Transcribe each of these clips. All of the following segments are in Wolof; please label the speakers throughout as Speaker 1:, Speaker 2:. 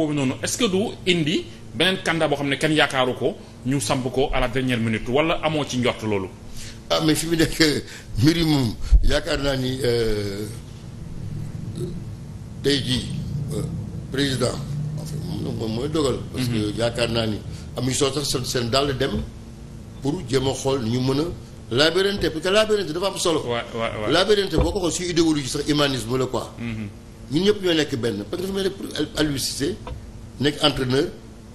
Speaker 1: boobu noonu est-ce que du indi beneen candidat boo xam ne kenn yaakaaru ko ñu samp ko à la dernière minute wala amoo ci njort loolu. ah mais fi mu nekk mbir yi moom yaakaar naa ni euh, tey jii euh, président en fait moom mooy dogal. Mhm. yaakaar naa ni am ñu soo sax seen dàll dem pour jéem a xool ñu mën a. laabérante parce que laabérante dafa am solo. waaw waaw boo ko xool suy idéologie sax humanisme la quoi. Mhm. ñun ñëpp ñoo nekk benn parce que dafa mel ne Aliou Cissé nekk entraîneur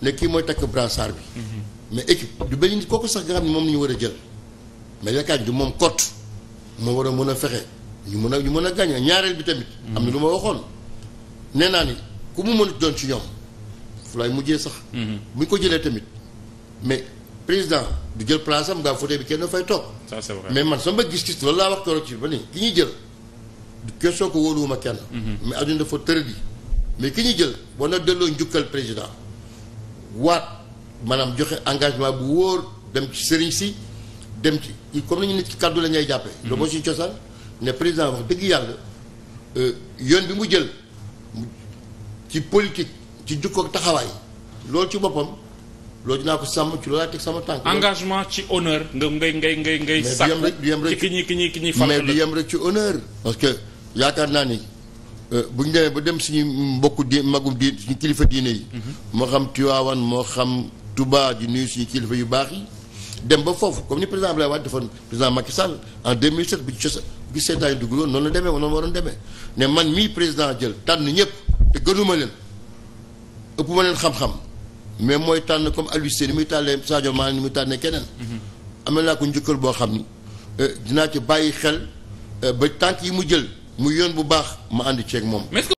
Speaker 1: ne kii mooy takk brassard bi. Mhm. mais équipe du benn nit kooku sax nga xam ne moom la ñu war a jël. mais yaakaar du moom kott moo war a mën a fexe ñu mën a ñu mën a gagné ñaareel bi tamit. Mhm. am na lu ma waxoon nee naa ni ku mu mën doon ci ñoom fu laay mujjee sax. Mhm. bu ñu ko jëlee tamit mais président du jël place am ngaa fauteuil bi kenn fay toog. mais man sama gis-gis loolu laa wax keroog ci ba ni ki ñuy jël. question ko wóoluwuma kenn. Mhm. mais adduna dafa tëradi. mais ki ñu jël boo na delloo njukkal président waat maanaam joxe engagement bu wóor dem ci sëriñ si dem ci comme ni nit ci kàddu la ñuy jàppee. Mhm. loolu moo suñu cosaan ne président wax dégg yàlla euh, yoon bi mu jël ci politique ci jukkoog taxawaay loolu ci boppam. loolu dinaa ko sàmm ci loolaa teg sama tànk. engagement ci honneur. nga ngay ngay ngay ngay. sàkk ci ki ñuy ki ñuy ki ñuy faral mais du yem rek ci honneur. parce yaakaar naa ni euh, bu ñu demee ba dem suñu mbokk di magum di suñu kilifa diine yi. Mhm. moo xam Tiwaawan moo xam Touba di nuyu suñu kilifa yu baax yi. dem ba foofu comme ni président Abdoulaye Wade defoon président Macky Sall en 2007 bu ci bi seetaan yi dugg loolu noonu la demee noonu waroon demee ne man mii président jël tànn ñëpp te gënuma leen ëpp ma leen xam-xam mais mooy tànn comme Aliou Cissé ni muy tànnee Sadio Mané ni muy tànnee keneen. Mhm. amee naa ko njëkkal boo xam ni euh, dinaa ci bàyyi xel euh, ba tànk yi mu jël. mu yoon bu baax ma ànd ceeg moom.